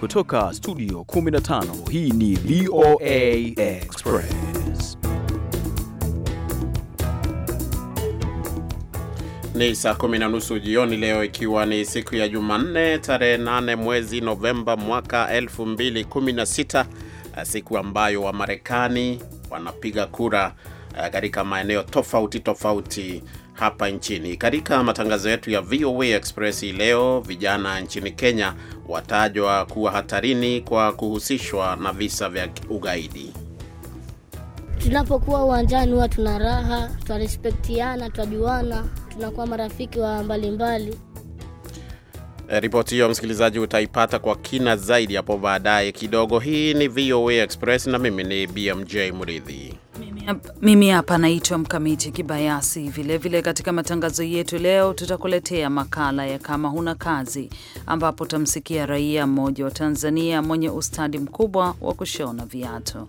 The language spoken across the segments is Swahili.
Kutoka studio 15 hii ni VOA Express. Ni saa kumi na nusu jioni leo, ikiwa ni siku ya Jumanne tarehe 8 mwezi Novemba mwaka 2016, eh, siku ambayo Wamarekani wanapiga kura eh, katika maeneo tofauti tofauti hapa nchini. Katika matangazo yetu ya VOA Express hii leo, vijana nchini Kenya watajwa kuwa hatarini kwa kuhusishwa na visa vya ugaidi. Tunapokuwa uwanjani huwa tuna raha, twarespektiana tunajuana, tunakuwa marafiki wa mbalimbali. Eh, ripoti hiyo msikilizaji, utaipata kwa kina zaidi hapo baadaye kidogo. Hii ni VOA Express na mimi ni BMJ Muridhi. Mimi hapa naitwa Mkamiti Kibayasi. Vilevile vile katika matangazo yetu leo tutakuletea makala ya kama huna kazi, ambapo utamsikia raia mmoja wa Tanzania mwenye ustadi mkubwa wa kushona viatu.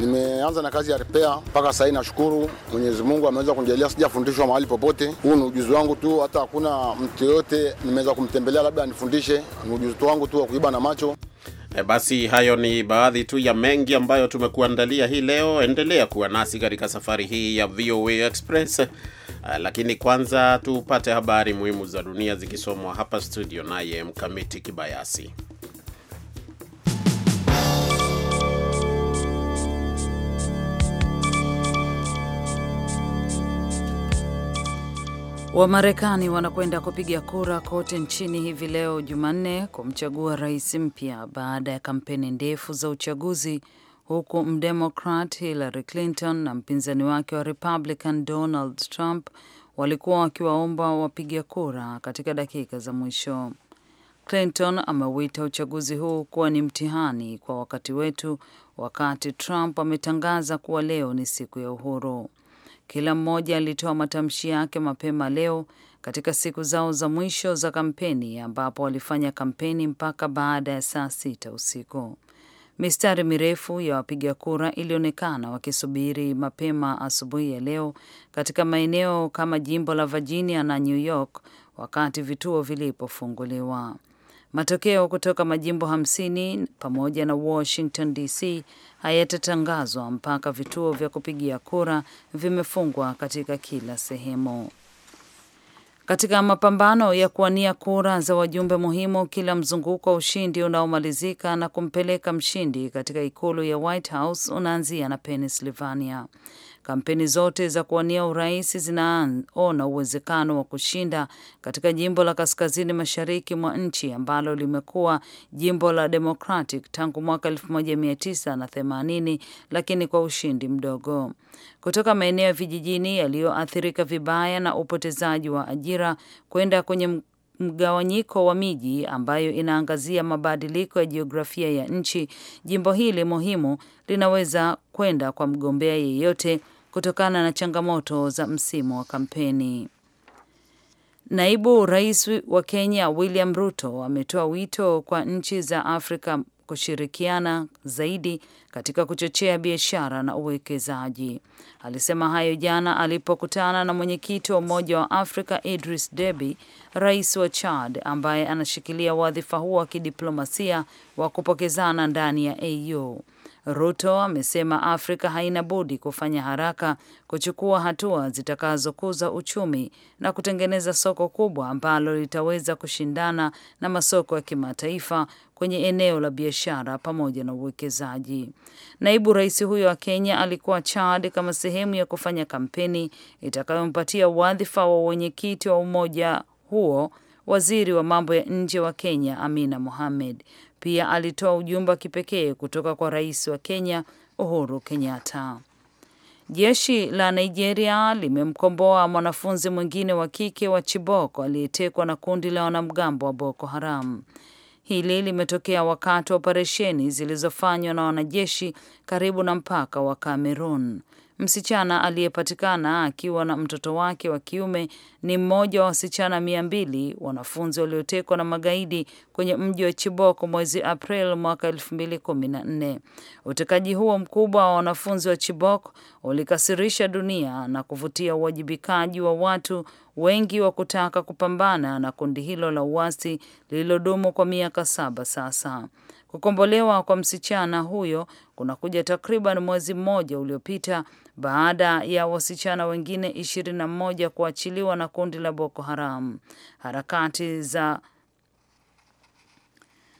Nimeanza na kazi ya repair mpaka sasa hivi, nashukuru Mwenyezi Mungu ameweza kunijalia, sijafundishwa mahali popote. Huu ni ujuzi wangu tu, hata hakuna mtu yoyote nimeweza kumtembelea labda anifundishe. Ni ujuzi wangu tu wa kuiba na macho. E, basi hayo ni baadhi tu ya mengi ambayo tumekuandalia hii leo. Endelea kuwa nasi katika safari hii ya VOA Express, e, lakini kwanza tupate habari muhimu za dunia zikisomwa hapa studio naye Mkamiti Kibayasi. Wamarekani wanakwenda kupiga kura kote nchini hivi leo Jumanne kumchagua rais mpya baada ya kampeni ndefu za uchaguzi huku mdemokrat Hillary Clinton na mpinzani wake wa Republican Donald Trump walikuwa wakiwaomba wapiga kura katika dakika za mwisho. Clinton ameuita uchaguzi huu kuwa ni mtihani kwa wakati wetu, wakati Trump ametangaza kuwa leo ni siku ya uhuru. Kila mmoja alitoa matamshi yake mapema leo katika siku zao za mwisho za kampeni, ambapo walifanya kampeni mpaka baada ya saa sita usiku. Mistari mirefu ya wapiga kura ilionekana wakisubiri mapema asubuhi ya leo katika maeneo kama jimbo la Virginia na New York wakati vituo vilipofunguliwa. Matokeo kutoka majimbo hamsini pamoja na Washington DC hayatatangazwa mpaka vituo vya kupigia kura vimefungwa katika kila sehemu. Katika mapambano ya kuwania kura za wajumbe muhimu, kila mzunguko wa ushindi unaomalizika na kumpeleka mshindi katika ikulu ya White House unaanzia na Pennsylvania. Kampeni zote za kuwania urais zinaona uwezekano wa kushinda katika jimbo la kaskazini mashariki mwa nchi ambalo limekuwa jimbo la Democratic tangu mwaka 1980 lakini kwa ushindi mdogo. Kutoka maeneo ya vijijini yaliyoathirika vibaya na upotezaji wa ajira kwenda kwenye mgawanyiko wa miji ambayo inaangazia mabadiliko ya jiografia ya nchi, jimbo hili muhimu linaweza kwenda kwa mgombea yeyote kutokana na changamoto za msimu wa kampeni. Naibu Rais wa Kenya William Ruto ametoa wito kwa nchi za Afrika kushirikiana zaidi katika kuchochea biashara na uwekezaji. Alisema hayo jana alipokutana na mwenyekiti wa Umoja wa Afrika Idris Deby, rais wa Chad ambaye anashikilia wadhifa huo wa kidiplomasia wa kupokezana ndani ya AU. Ruto amesema Afrika haina budi kufanya haraka kuchukua hatua zitakazokuza uchumi na kutengeneza soko kubwa ambalo litaweza kushindana na masoko ya kimataifa kwenye eneo la biashara pamoja na uwekezaji. Naibu rais huyo wa Kenya alikuwa Chad kama sehemu ya kufanya kampeni itakayompatia wadhifa wa wenyekiti wa umoja huo waziri wa mambo ya nje wa Kenya Amina Mohamed. Pia alitoa ujumbe wa kipekee kutoka kwa rais wa Kenya Uhuru Kenyatta. Jeshi la Nigeria limemkomboa mwanafunzi mwingine wa kike wa Chibok aliyetekwa na kundi la wanamgambo wa Boko Haram. Hili limetokea wakati wa operesheni zilizofanywa na wanajeshi karibu na mpaka wa Cameroon. Msichana aliyepatikana akiwa na mtoto wake wa kiume ni mmoja wa wasichana mia mbili wanafunzi waliotekwa na magaidi kwenye mji wa Chibok mwezi April mwaka kumi na nne Utekaji huo mkubwa wa wanafunzi wa Chibok ulikasirisha dunia na kuvutia uwajibikaji wa watu wengi wa kutaka kupambana na kundi hilo la uasi lililodumu kwa miaka saba sasa. Kukombolewa kwa msichana huyo kunakuja takriban mwezi mmoja uliopita baada ya wasichana wengine 21 kuachiliwa na kundi la Boko Haram. Harakati za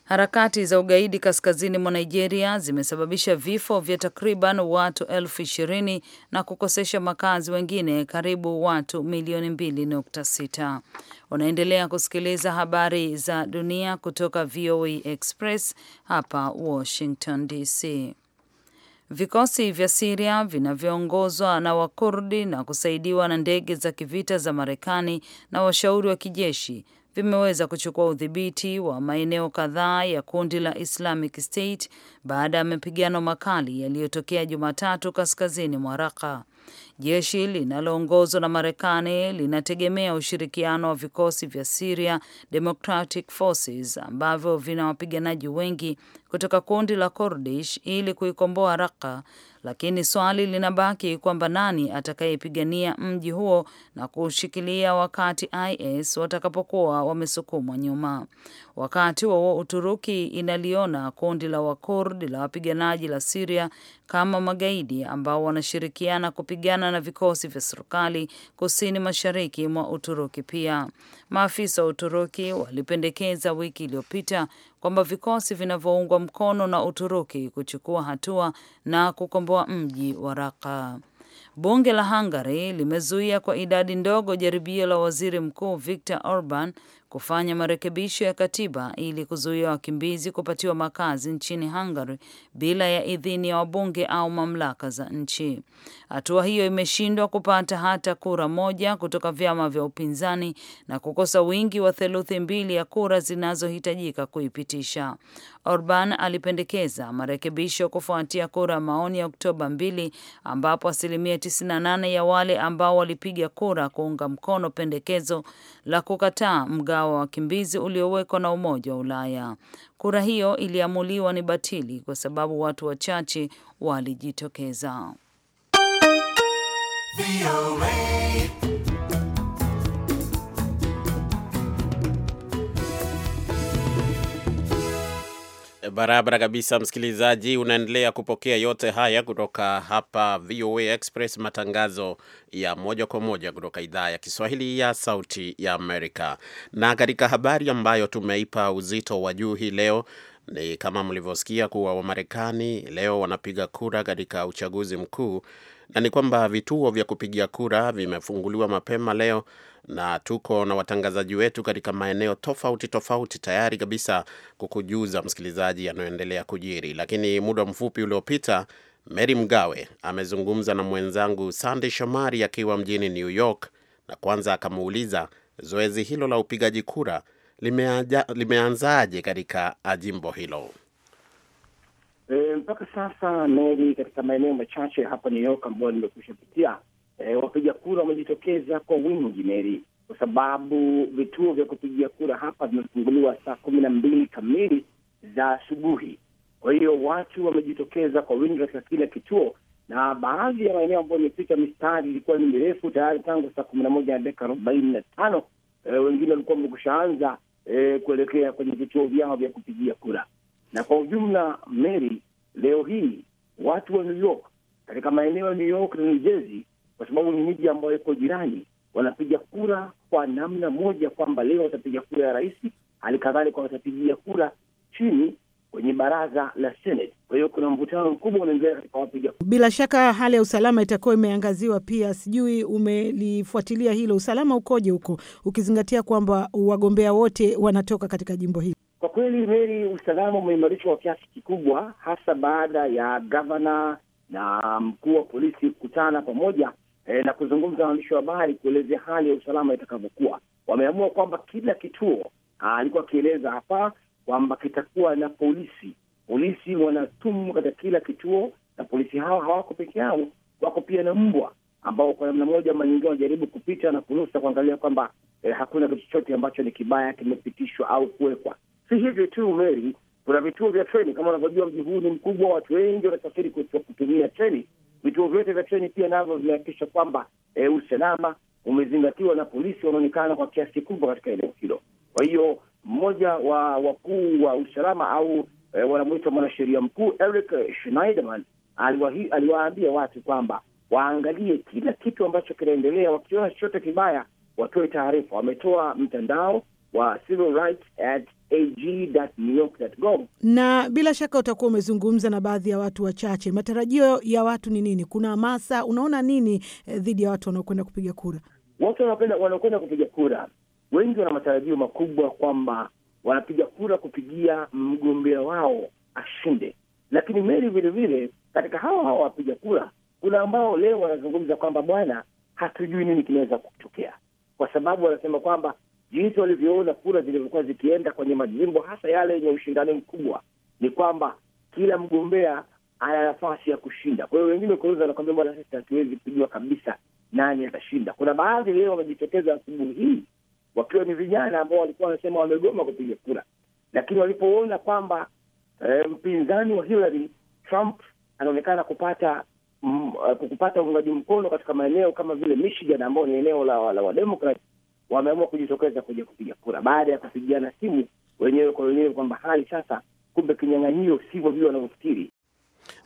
harakati za ugaidi kaskazini mwa Nigeria zimesababisha vifo vya takriban watu elfu ishirini na kukosesha makazi wengine karibu watu milioni mbili nukta sita. Unaendelea kusikiliza habari za dunia kutoka VOA e Express hapa Washington DC. Vikosi vya Siria vinavyoongozwa na Wakurdi na kusaidiwa na ndege za kivita za Marekani na washauri wa kijeshi vimeweza kuchukua udhibiti wa maeneo kadhaa ya kundi la Islamic State baada ya mapigano makali yaliyotokea Jumatatu kaskazini mwa Raka. Jeshi linaloongozwa na Marekani linategemea ushirikiano wa vikosi vya Syria Democratic Forces ambavyo vina wapiganaji wengi kutoka kundi la Kurdish ili kuikomboa Raqqa lakini swali linabaki kwamba nani atakayepigania mji huo na kushikilia wakati IS watakapokuwa wamesukumwa nyuma. Wakati wa Uturuki inaliona kundi la Wakurd la wapiganaji la Siria kama magaidi ambao wanashirikiana kupigana na vikosi vya serikali kusini mashariki mwa Uturuki. Pia maafisa wa Uturuki walipendekeza wiki iliyopita kwamba vikosi vinavyoungwa mkono na Uturuki kuchukua hatua na kukomboa mji wa Raka. Bunge la Hungary limezuia kwa idadi ndogo jaribio la waziri mkuu Viktor Orban kufanya marekebisho ya katiba ili kuzuia wakimbizi kupatiwa makazi nchini Hungary bila ya idhini ya wabunge au mamlaka za nchi. Hatua hiyo imeshindwa kupata hata kura moja kutoka vyama vya upinzani na kukosa wingi wa theluthi mbili ya kura zinazohitajika kuipitisha. Orban alipendekeza marekebisho kufuatia kura ya maoni ya Oktoba mbili ambapo asilimia 98 ya wale ambao walipiga kura kuunga mkono pendekezo la kukataa mgao mtandao wa wakimbizi uliowekwa na Umoja wa Ulaya. Kura hiyo iliamuliwa ni batili kwa sababu watu wachache walijitokeza. Barabara kabisa, msikilizaji, unaendelea kupokea yote haya kutoka hapa VOA Express, matangazo ya moja kwa moja kutoka idhaa ya Kiswahili ya Sauti ya Amerika. Na katika habari ambayo tumeipa uzito wa juu hii leo ni kama mlivyosikia kuwa Wamarekani leo wanapiga kura katika uchaguzi mkuu, na ni kwamba vituo vya kupigia kura vimefunguliwa mapema leo na tuko na watangazaji wetu katika maeneo tofauti tofauti tayari kabisa kukujuza msikilizaji yanayoendelea kujiri. Lakini muda mfupi uliopita, Mary Mgawe amezungumza na mwenzangu Sandey Shomari akiwa mjini New York, na kwanza akamuuliza zoezi hilo la upigaji kura limeanzaje katika jimbo hilo? E, mpaka sasa Mary, katika maeneo machache hapa New York ambayo nimekwisha e, wapiga kura wamejitokeza kwa wingi Meri, kwa sababu vituo vya kupigia kura hapa vimefunguliwa saa kumi na mbili kamili za asubuhi. Kwa hiyo watu wamejitokeza kwa wingi katika kila kituo, na baadhi ya maeneo ambayo imepita mistari ilikuwa ni mirefu tayari tangu saa kumi na moja na dakika arobaini na tano. Eh, wengine walikuwa anza e, eh, kuelekea kwenye vituo vyao vya kupigia kura. Na kwa ujumla meri leo hii watu wa New York katika maeneo ya New York na New Jersey kwa sababu ni miji ambayo iko jirani, wanapiga kura kwa namna moja kwamba leo watapiga kura ya rais, hali kadhalika watapigia kura chini kwenye baraza la Senate. Kwa hiyo kuna mvutano mkubwa unaendelea katika wapiga kura. Bila shaka hali ya usalama itakuwa imeangaziwa pia, sijui umelifuatilia hilo, usalama ukoje huko, ukizingatia kwamba wagombea wote wanatoka katika jimbo hili? Kwa kweli, Meri, usalama umeimarishwa kwa kiasi kikubwa, hasa baada ya gavana na mkuu wa polisi kukutana pamoja e, na kuzungumza na waandishi wa habari kuelezea hali ya usalama itakavyokuwa. Wameamua kwamba kila kituo, ah, alikuwa akieleza hapa kwamba kitakuwa na polisi. Polisi wanatumwa katika kila kituo, na polisi hawa hawako peke yao, wako pia na mbwa ambao kwa namna moja ama nyingine wanajaribu kupita na kunusa kuangalia kwamba eh, hakuna kitu chochote ambacho ni kibaya kimepitishwa au kuwekwa. Si hivyo tu, Meri, kuna vituo vya treni. Kama unavyojua, mji huu ni mkubwa, watu wengi wanasafiri kutumia treni, vituo vyote vya treni pia navyo vimehakikisha kwamba e, usalama umezingatiwa na polisi wanaonekana kwa kiasi kikubwa katika eneo hilo. Kwa hiyo mmoja wa wakuu wa usalama au e, wanamwita mwanasheria mkuu Eric Schneiderman aliwaambia watu kwamba waangalie kila kitu ambacho kinaendelea, wakiona chochote kibaya watoe taarifa. Wametoa mtandao wa Civil Rights at na bila shaka utakuwa umezungumza na baadhi ya watu wachache, matarajio ya watu ni nini? Kuna hamasa, unaona nini eh, dhidi ya watu wanaokwenda kupiga kura? Watu wanaokwenda kupiga kura wengi wana matarajio makubwa kwamba wanapiga kura kupigia mgombea wao ashinde, lakini meri vilevile, katika hawa hawa wapiga kura kuna ambao leo wanazungumza kwamba bwana, hatujui nini kinaweza kutokea, kwa sababu wanasema kwamba jinsi walivyoona kura zilivyokuwa zikienda kwenye majimbo hasa yale yenye ushindani mkubwa, ni kwamba kila mgombea ana nafasi ya kushinda. Kwa hiyo wengine wakiuliza, wanakwambia bwana, sisi hatuwezi kujua kabisa nani atashinda. Kuna baadhi leo wamejitokeza asubuhi hii wakiwa ni vijana ambao walikuwa wanasema wamegoma kupiga kura, lakini walipoona kwamba e, mpinzani wa Hillary Trump anaonekana kupata eh, kupata uungaji mkono katika maeneo kama vile Michigan ambao ni eneo la, la, la wameamua kujitokeza kuja kupiga kura baada ya kupigiana simu wenyewe kwa wenyewe kwamba hali sasa, kumbe kinyang'anyio sivyo vile wanavyofikiri.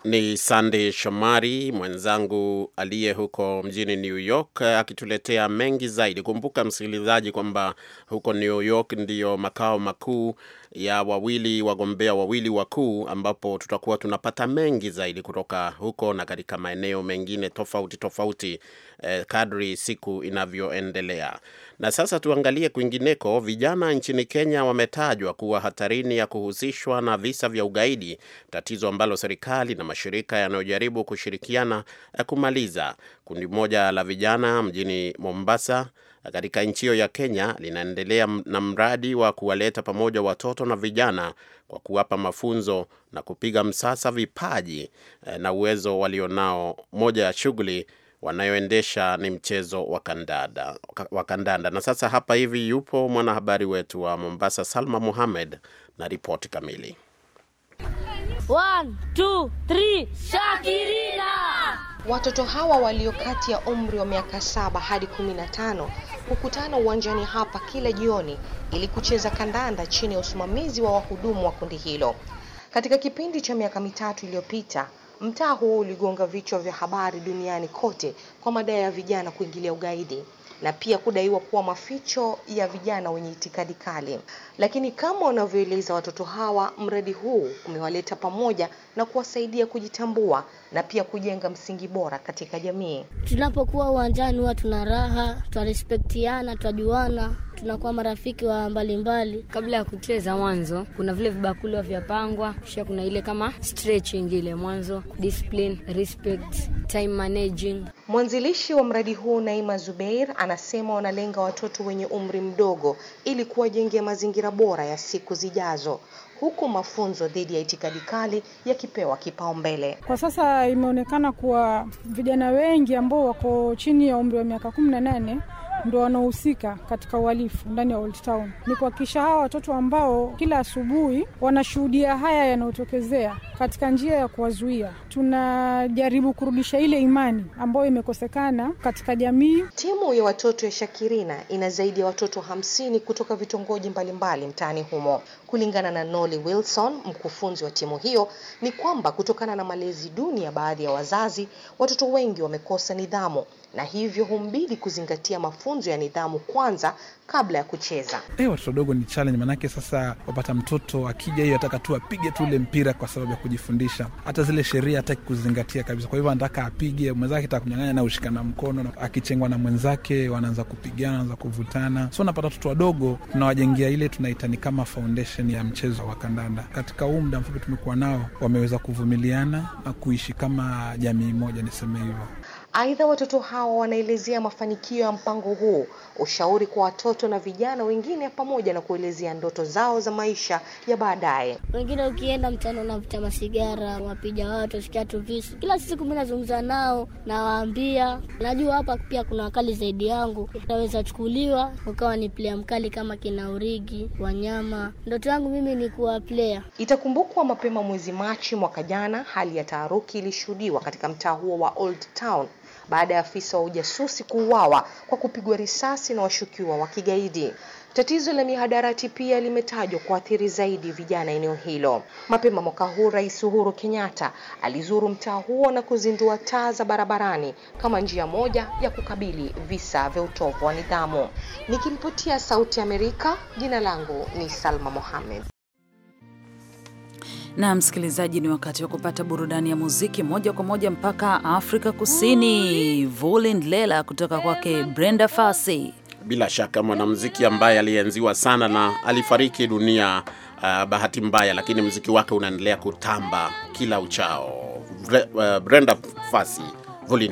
Ni sande Shomari mwenzangu aliye huko mjini New York akituletea mengi zaidi. Kumbuka msikilizaji, kwamba huko New York ndiyo makao makuu ya wawili wagombea wawili wakuu, ambapo tutakuwa tunapata mengi zaidi kutoka huko na katika maeneo mengine tofauti tofauti eh, kadri siku inavyoendelea. Na sasa tuangalie kwingineko. Vijana nchini Kenya wametajwa kuwa hatarini ya kuhusishwa na visa vya ugaidi, tatizo ambalo serikali na mashirika yanayojaribu kushirikiana eh, kumaliza. Kundi moja la vijana mjini Mombasa katika nchi hiyo ya Kenya linaendelea na mradi wa kuwaleta pamoja watoto na vijana kwa kuwapa mafunzo na kupiga msasa vipaji eh, na uwezo walionao. Moja ya shughuli wanayoendesha ni mchezo wa kandanda wa kandanda. Na sasa hapa hivi yupo mwanahabari wetu wa Mombasa, Salma Mohamed, na ripoti kamili. One, two, three, Shakirina Watoto hawa walio kati ya umri wa miaka saba hadi kumi na tano hukutana uwanjani hapa kila jioni ili kucheza kandanda chini ya usimamizi wa wahudumu wa kundi hilo. Katika kipindi cha miaka mitatu iliyopita, mtaa huo uligonga vichwa vya habari duniani kote kwa madai ya vijana kuingilia ugaidi na pia kudaiwa kuwa maficho ya vijana wenye itikadi kali. Lakini kama wanavyoeleza watoto hawa, mradi huu umewaleta pamoja na kuwasaidia kujitambua na pia kujenga msingi bora katika jamii. Tunapokuwa uwanjani huwa tuna raha, twarespektiana, twajuana tunakuwa marafiki wa mbalimbali mbali. Kabla ya kucheza mwanzo, kuna vile vibakuli vyapangwa, kisha kuna ile kama stretching ile mwanzo, discipline, respect, time managing. Mwanzilishi wa mradi huu Naima Zubeir anasema wanalenga watoto wenye umri mdogo ili kuwajengea mazingira bora ya siku zijazo huku mafunzo dhidi ya itikadi kali yakipewa kipaumbele. Kwa sasa imeonekana kuwa vijana wengi ambao wako chini ya umri wa miaka kumi na nane ndo wanahusika katika uhalifu ndani ya Old Town. Ni kuhakikisha hawa watoto ambao kila asubuhi wanashuhudia haya yanayotokezea, katika njia ya kuwazuia, tunajaribu kurudisha ile imani ambayo imekosekana katika jamii. Timu ya watoto ya Shakirina ina zaidi ya watoto hamsini kutoka vitongoji mbalimbali mtaani humo. Kulingana na Noli Wilson, mkufunzi wa timu hiyo, ni kwamba kutokana na malezi duni ya baadhi ya wazazi, watoto wengi wamekosa nidhamu na hivyo humbidi kuzingatia mafunzo ya nidhamu kwanza kabla ya kucheza. watoto wadogo ni challenge, manake sasa wapata mtoto akija hiyo ataka tu apige tu ule mpira kwa sababu ya kujifundisha, hata zile sheria hataki kuzingatia kabisa. Kwa hivyo anataka apige mwenzake, ataka kunyang'anya na ushikana mkono, akichengwa na mwenzake wanaanza kupigana, wanaanza kuvutana. So napata watoto wadogo tunawajengea ile tunaita ni kama foundation ya mchezo wa kandanda. Katika huu muda mfupi tumekuwa nao, wameweza kuvumiliana na kuishi kama jamii moja, niseme hivyo. Aidha, watoto hao wanaelezea mafanikio ya mpango huo, ushauri kwa watoto na vijana wengine, pamoja na kuelezea ndoto zao za maisha ya baadaye. Wengine ukienda mchana unavuta masigara, wapija watu, wasikia tu visu. Kila siku mimi nazungumza nao, nawaambia najua hapa pia kuna wakali zaidi yangu, naweza chukuliwa ukawa ni player mkali kama kina Urigi, Wanyama. Ndoto yangu mimi ni kuwa player. Itakumbukwa mapema mwezi Machi mwaka jana, hali ya taharuki ilishuhudiwa katika mtaa huo wa Old Town baada ya afisa wa ujasusi kuuawa kwa kupigwa risasi na washukiwa wa kigaidi. Tatizo la mihadarati pia limetajwa kuathiri zaidi vijana eneo hilo. Mapema mwaka huu, Rais Uhuru Kenyatta alizuru mtaa huo na kuzindua taa za barabarani kama njia moja ya kukabili visa vya utovu wa nidhamu. Nikiripotia Sauti ya Amerika, jina langu ni Salma Mohamed na msikilizaji, ni wakati wa kupata burudani ya muziki moja kwa moja mpaka Afrika Kusini. Vuli kutoka kwake Brenda Fasi, bila shaka mwanamuziki ambaye alienziwa sana na alifariki dunia uh, bahati mbaya, lakini muziki wake unaendelea kutamba kila uchao. Bre, uh, Brenda Fasi, Vuli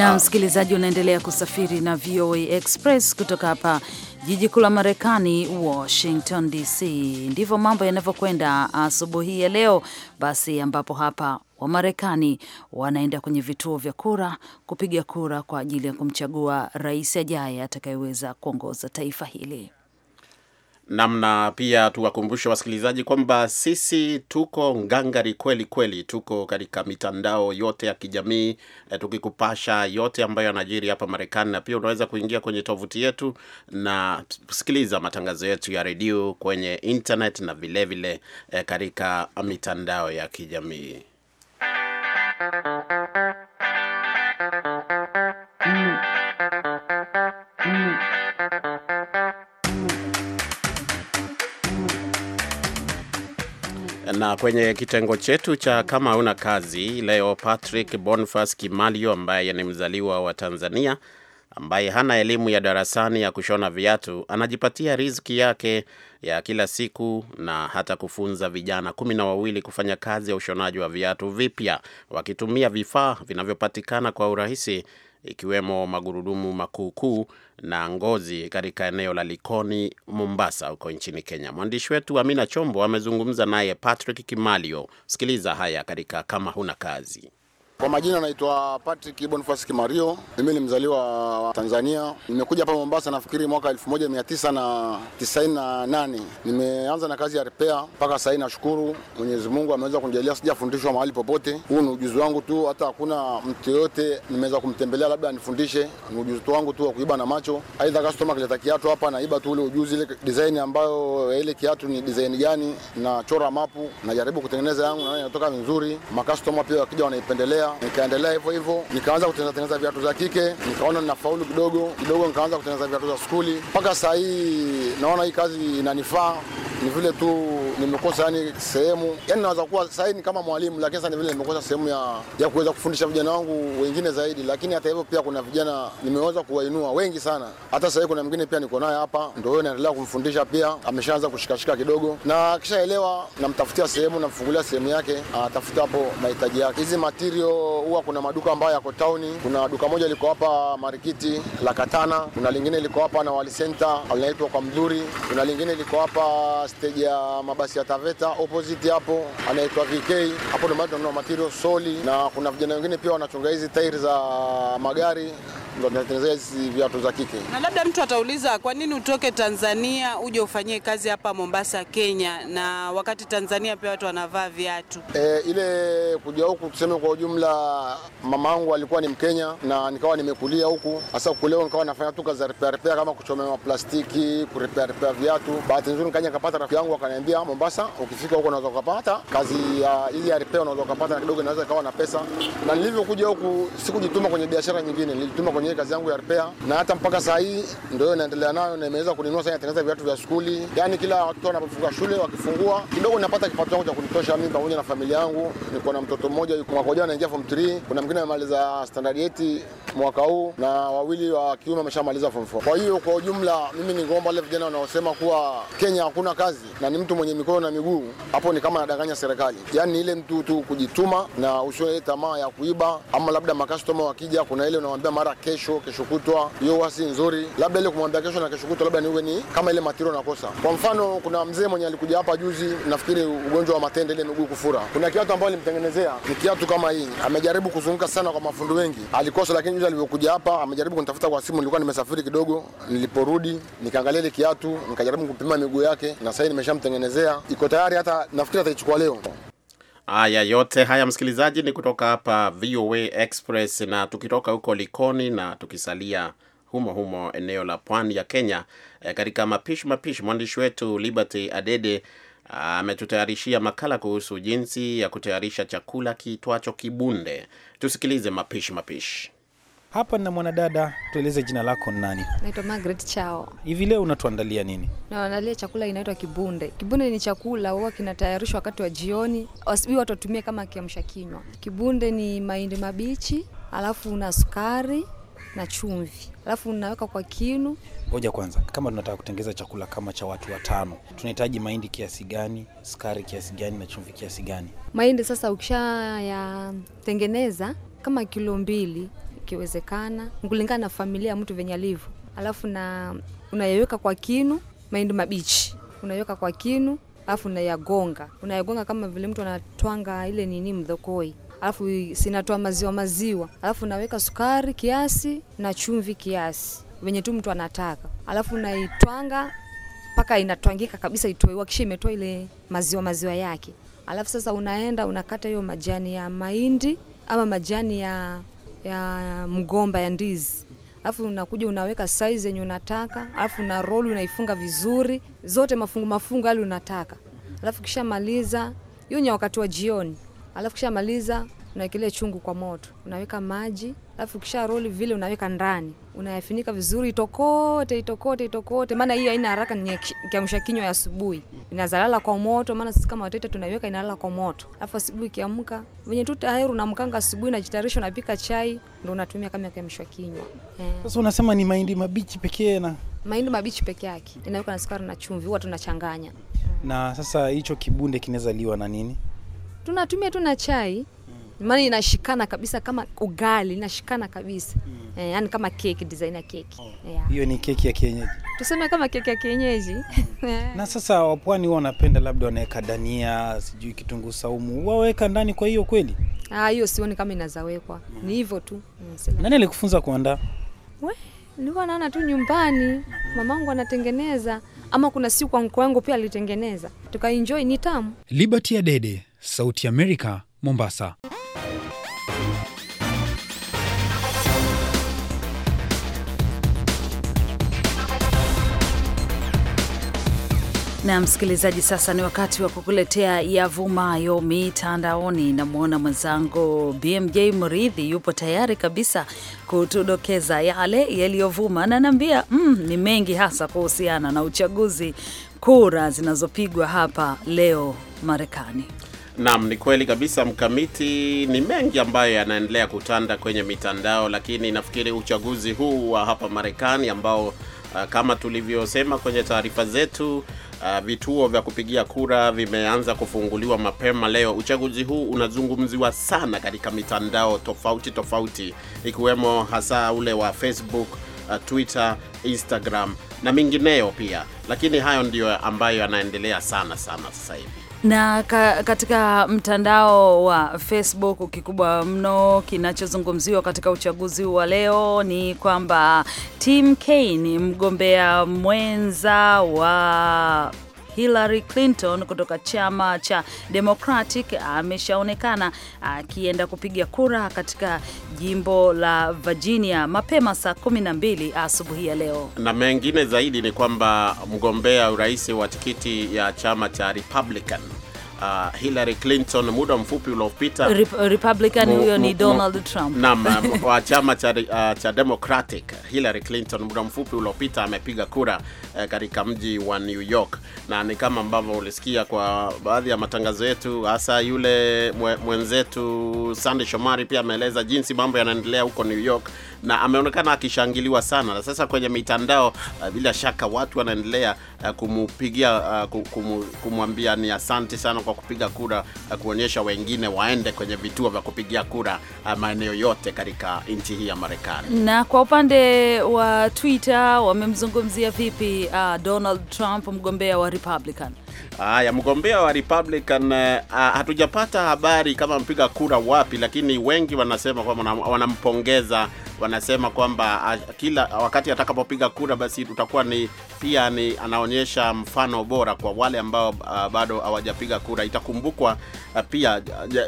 Na msikilizaji, unaendelea kusafiri na VOA Express kutoka hapa jiji kuu la Marekani, Washington DC. Ndivyo mambo yanavyokwenda asubuhi ya leo, basi ambapo hapa Wamarekani wanaenda kwenye vituo vya kura kupiga kura kwa ajili ya kumchagua rais ajaye atakayeweza kuongoza taifa hili namna pia tuwakumbushe wasikilizaji kwamba sisi tuko ngangari kweli kweli, tuko katika mitandao yote ya kijamii e, tukikupasha yote ambayo yanajiri hapa Marekani, na pia unaweza kuingia kwenye tovuti yetu na kusikiliza matangazo yetu ya redio kwenye internet na vilevile e, eh, katika mitandao ya kijamii Na kwenye kitengo chetu cha kama huna kazi leo, Patrick Boniface Kimalio ambaye ni mzaliwa wa Tanzania ambaye hana elimu ya darasani ya kushona viatu anajipatia riziki yake ya kila siku na hata kufunza vijana kumi na wawili kufanya kazi ya ushonaji wa viatu vipya wakitumia vifaa vinavyopatikana kwa urahisi ikiwemo magurudumu makuukuu na ngozi katika eneo la Likoni, Mombasa, huko nchini Kenya. Mwandishi wetu Amina Chombo amezungumza naye Patrick Kimalio. Sikiliza haya katika kama huna kazi. Kwa majina naitwa Patrick Boniface Kimario. Mimi ni mzaliwa wa Tanzania, nimekuja hapa Mombasa nafikiri mwaka 1998. Nimeanza na kazi ya repair mpaka sasa hivi, nashukuru Mwenyezi Mungu ameweza kunijalia, sijafundishwa mahali popote. Huu ni ujuzi wangu tu, hata hakuna mtu yoyote nimeweza kumtembelea labda anifundishe. Ni ujuzi tu wangu tu wa kuiba na macho. Aidha customer kileta kiatu hapa, naiba tu ule ujuzi, ile design ambayo ile kiatu ni design gani, nachora mapu, najaribu kutengeneza yangu na inatoka vizuri. Makastoma pia wakija wanaipendelea nikaendelea hivyo hivyo, nikaanza kutengeneza viatu vya kike, nikaona faulu kidogo kidogo, nikaanza kutengeneza viatu vya skuli. Mpaka saa hii naona hii kazi inanifaa ni vile tu nimekosa yani sehemu yani, naweza kuwa sasa ni kama mwalimu, lakini sasa ni vile nimekosa sehemu ya, ya kuweza kufundisha vijana wangu wengine zaidi. Lakini hata hivyo pia kuna vijana nimeweza kuwainua wengi sana. Hata sasa hivi kuna mwingine pia niko naye hapa, ndio huyo naendelea kumfundisha pia, ameshaanza kushikashika kidogo, na kishaelewa, namtafutia sehemu, namfungulia sehemu yake, atafuta hapo mahitaji yake. Hizi material huwa kuna maduka ambayo yako tauni. Kuna duka moja liko hapa Marikiti la Katana, kuna lingine liko hapa na Wali Center linaitwa kwa Mdhuri, kuna lingine liko hapa stage ya mabasi ya Taveta opposite hapo, anaitwa VK hapo, ndio maana tunanunua material soli, na kuna vijana wengine pia wanachunga hizi tairi za magari ndo tunatengenezea hizi viatu za kike. Na labda mtu atauliza kwa nini utoke Tanzania uje ufanyie kazi hapa Mombasa, Kenya, na wakati Tanzania pia watu wanavaa viatu e, ile kuja huku tuseme kwa ujumla, mama yangu alikuwa ni Mkenya na nikawa nimekulia huku, hasa kuleo nikawa nafanya tu kazi za repair repair, kama kuchomea plastiki, kurepair repair viatu. Bahati nzuri nikaja kapata rafiki yangu akaniambia, Mombasa ukifika huko unaweza ukapata kazi ya ile ya repair, unaweza ukapata na kidogo, inaweza ikawa na pesa. Na nilivyokuja huku sikujituma kwenye biashara nyingine, nilijituma kwenye kazi yangu ya repair, na hata mpaka saa hii ndio naendelea nayo, na imeweza kuninua sasa, natengeneza viatu vya skuli. Yani kila watoto wanapofunga shule wakifungua kidogo, napata kipato changu cha kunitosha mimi pamoja na familia yangu. Niko na mtoto mmoja yuko mwaka anaingia form 3, kuna mwingine amemaliza standard 8 mwaka huu na wawili wa kiume wameshamaliza form 4. Kwa hiyo kwa ujumla, mimi ningeomba wale vijana wanaosema kuwa Kenya hakuna kazi na ni mtu mwenye mikono na miguu, hapo ni kama anadanganya serikali. Yani ile mtu tu kujituma na usio tamaa ya kuiba, ama labda makastoma wakija, kuna ile unawaambia mara kesho kesho kutwa, hiyo wasi nzuri, labda ile kumwambia kesho na kesho kutwa, labda niwe ni kama ile matiro nakosa. Kwa mfano, kuna mzee mwenye alikuja hapa juzi, nafikiri ugonjwa wa matende, ile miguu kufura. Kuna kiatu ambayo alimtengenezea ni kiatu kama hii, amejaribu kuzunguka sana kwa mafundi wengi, alikosa. Lakini juzi alivyokuja hapa, amejaribu kunitafuta kwa simu, nilikuwa nimesafiri kidogo. Niliporudi nikaangalia ile kiatu, nikajaribu kupima miguu yake, na sasa nimeshamtengenezea, iko tayari, hata nafikiri ataichukua leo. Haya yote haya, msikilizaji, ni kutoka hapa VOA Express, na tukitoka huko Likoni na tukisalia humo humo eneo la pwani ya Kenya, e, katika mapishi mapishi, mwandishi wetu Liberty Adede ah, ametutayarishia makala kuhusu jinsi ya kutayarisha chakula kiitwacho kibunde. Tusikilize mapishi mapishi. Hapa na mwanadada, tueleze jina lako ni nani? Naitwa Margaret Chao. Hivi leo unatuandalia nini? Naandalia chakula inaitwa kibunde. Kibunde ni chakula huwa kinatayarishwa wakati wa jioni, wasibi watu watumie kama kiamsha kinywa. Kibunde ni mahindi mabichi, alafu una sukari na chumvi, alafu unaweka kwa kinu. Ngoja kwanza, kama tunataka kutengeza chakula kama cha watu watano, tunahitaji mahindi kiasi gani, sukari kiasi gani na chumvi kiasi gani? Mahindi sasa ukishayatengeneza kama kilo mbili ikiwezekana, kulingana na familia ya mtu venye alivyo, alafu na unayeweka kwa kinu maindi mabichi, unaweka kwa kinu alafu unayagonga, unayagonga kama vile mtu anatwanga ile nini mdhokoi alafu sinatoa maziwa maziwa, alafu unaweka sukari kiasi na chumvi kiasi venye tu mtu anataka, alafu unaitwanga mpaka inatwangika kabisa itoe, wakisha imetoa ile maziwa maziwa yake, alafu sasa unaenda unakata hiyo majani ya mahindi ama majani ya ya mgomba ya ndizi alafu unakuja unaweka size yenye unataka, alafu na roll unaifunga vizuri zote mafungu mafungu yale unataka, alafu kisha maliza hiyo ni wakati wa jioni, alafu kisha maliza unawekelea chungu kwa moto, unaweka maji, alafu ukisha roli vile unaweka ndani, unayafinika vizuri, itokote itokote itokote, maana hiyo haina haraka, ni kiamsha kinywa ya asubuhi, inazalala kwa moto. Maana sisi kama watoto tunaiweka inalala kwa moto, alafu asubuhi kiamka venye tu tayari unamkanga asubuhi, najitayarisha, unapika chai, ndo unatumia kama kiamsha kinywa. Eh. Sasa eh, unasema ni mahindi mabichi pekee na mahindi mabichi peke yake inaweka na sukari na chumvi, huwa tunachanganya. Na sasa hicho kibunde kinaweza liwa na nini? Tunatumia tu na chai maana inashikana kabisa kama ugali, inashikana kabisa mm. E, eh, yani kama keki, design ya keki oh. yeah. ni keki ya kienyeji tuseme kama keki ya kienyeji mm. eh. na sasa wapwani huwa wanapenda labda wanaweka dania, sijui kitunguu saumu, waweka ndani. Kwa hiyo kweli ah hiyo sioni kama inazawekwa mm. ni hivyo tu mm, nani alikufunza kuandaa? We, nilikuwa naona tu nyumbani mm. mamangu anatengeneza, ama kuna siku kwa mko wangu pia alitengeneza, tukaenjoy, ni tamu. Liberty ya Dede, Sauti America, Mombasa. Na msikilizaji, sasa ni wakati wa kukuletea yavumayo mitandaoni. Namwona mwenzangu BMJ Mridhi yupo tayari kabisa kutudokeza yale yaliyovuma, na naambia mm, ni mengi hasa kuhusiana na uchaguzi, kura zinazopigwa hapa leo Marekani. Naam, ni kweli kabisa mkamiti, ni mengi ambayo yanaendelea kutanda kwenye mitandao, lakini nafikiri uchaguzi huu wa hapa Marekani ambao Ah, kama tulivyosema kwenye taarifa zetu, ah, vituo vya kupigia kura vimeanza kufunguliwa mapema leo. Uchaguzi huu unazungumziwa sana katika mitandao tofauti tofauti, ikiwemo hasa ule wa Facebook, ah, Twitter, Instagram na mingineyo pia, lakini hayo ndiyo ambayo yanaendelea sana sana sasa hivi na ka, katika mtandao wa Facebook kikubwa mno kinachozungumziwa katika uchaguzi wa leo ni kwamba Tim Kaine mgombea mwenza wa Hillary Clinton kutoka chama cha Democratic ameshaonekana akienda kupiga kura katika jimbo la Virginia mapema saa 12 asubuhi ya leo. Na mengine zaidi ni kwamba mgombea urais wa tikiti ya chama cha Republican Uh, Hillary Clinton muda mfupi uliopita Rep Republican huyo ni Donald Trump. Naam, um, wa chama cha, uh, cha Democratic. Hillary Clinton muda mfupi uliopita amepiga kura uh, katika mji wa New York na ni kama ambavyo ulisikia kwa baadhi ya matangazo yetu, hasa yule mwenzetu Sandy Shomari pia ameeleza jinsi mambo yanaendelea huko New York na ameonekana akishangiliwa sana, na sasa kwenye mitandao uh, bila shaka watu wanaendelea uh, kumupigia uh, kumu, kumwambia ni asante sana kwa kupiga kura uh, kuonyesha wengine waende kwenye vituo vya kupigia kura uh, maeneo yote katika nchi hii ya Marekani. Na kwa upande wa Twitter wamemzungumzia vipi uh, Donald Trump mgombea wa Republican? Haya, mgombea wa Republican uh, hatujapata habari kama mpiga kura wapi, lakini wengi wanasema kwamba wanampongeza, wanasema kwamba uh, kila wakati atakapopiga kura basi tutakuwa ni pia ni anaonyesha mfano bora kwa wale ambao uh, bado hawajapiga kura. Itakumbukwa uh, pia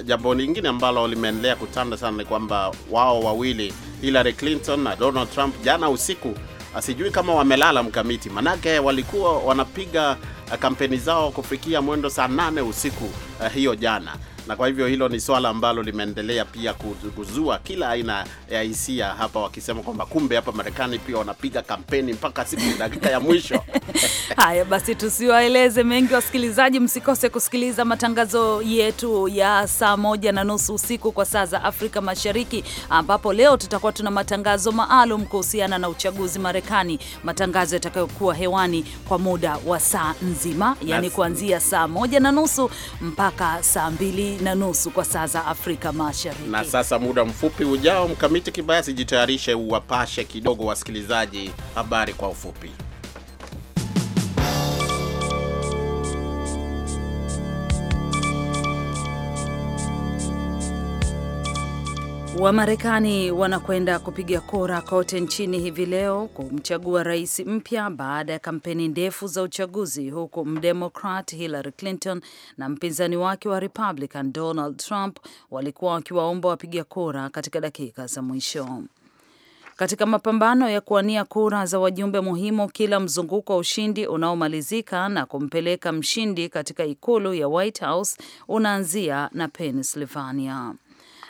jambo lingine ambalo limeendelea kutanda sana ni kwamba wao wawili Hillary Clinton na Donald Trump jana usiku Ah, sijui kama wamelala mkamiti, manake walikuwa wanapiga ah, kampeni zao kufikia mwendo saa nane usiku uh, hiyo jana na kwa hivyo hilo ni swala ambalo limeendelea pia kuzua kila aina ya hisia hapa, wakisema kwamba kumbe hapa Marekani pia wanapiga kampeni mpaka siku dakika ya mwisho. Haya basi, tusiwaeleze mengi wasikilizaji, msikose kusikiliza matangazo yetu ya saa moja na nusu usiku kwa saa za Afrika Mashariki, ambapo leo tutakuwa tuna matangazo maalum kuhusiana na uchaguzi Marekani, matangazo yatakayokuwa hewani kwa muda wa saa nzima, yani kuanzia saa moja na nusu mpaka saa mbili na nusu kwa saa za Afrika Mashariki. Na sasa muda mfupi ujao, Mkamiti Kibayasi jitayarishe uwapashe kidogo wasikilizaji habari kwa ufupi. Wamarekani wanakwenda kupiga kura kote nchini hivi leo kumchagua rais mpya baada ya kampeni ndefu za uchaguzi, huku mdemokrat Hillary Clinton na mpinzani wake wa Republican Donald Trump walikuwa wakiwaomba wapiga kura katika dakika za mwisho. Katika mapambano ya kuwania kura za wajumbe muhimu, kila mzunguko wa ushindi unaomalizika na kumpeleka mshindi katika ikulu ya White House unaanzia na Pennsylvania.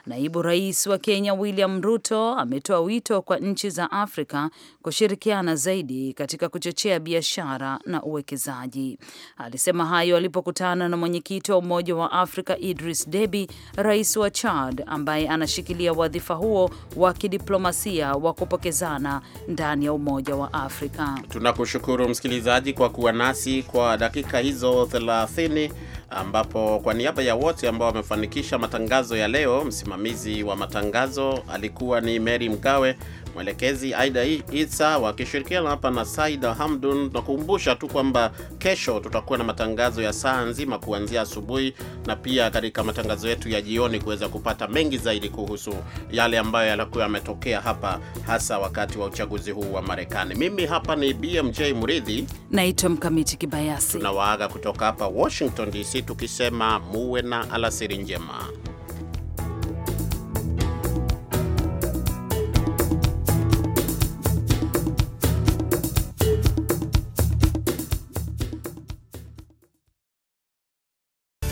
Naibu rais wa Kenya William Ruto ametoa wito kwa nchi za Afrika kushirikiana zaidi katika kuchochea biashara na uwekezaji. Alisema hayo alipokutana na mwenyekiti wa Umoja wa Afrika Idris Deby, rais wa Chad ambaye anashikilia wadhifa huo wa kidiplomasia wa kupokezana ndani ya Umoja wa Afrika. Tunakushukuru msikilizaji kwa kuwa nasi kwa dakika hizo 30 ambapo kwa niaba ya wote ambao wamefanikisha matangazo ya leo, msimamizi wa matangazo alikuwa ni Mary Mgawe. Mwelekezi Aida Isa wakishirikiana hapa na Saida Hamdun. Tunakumbusha tu kwamba kesho tutakuwa na matangazo ya saa nzima kuanzia asubuhi, na pia katika matangazo yetu ya jioni kuweza kupata mengi zaidi kuhusu yale ambayo yanakuwa yametokea hapa, hasa wakati wa uchaguzi huu wa Marekani. Mimi hapa ni BMJ Muridhi, naitwa Mkamiti Kibayasi. Tunawaaga kutoka hapa Washington DC tukisema muwe na alasiri njema.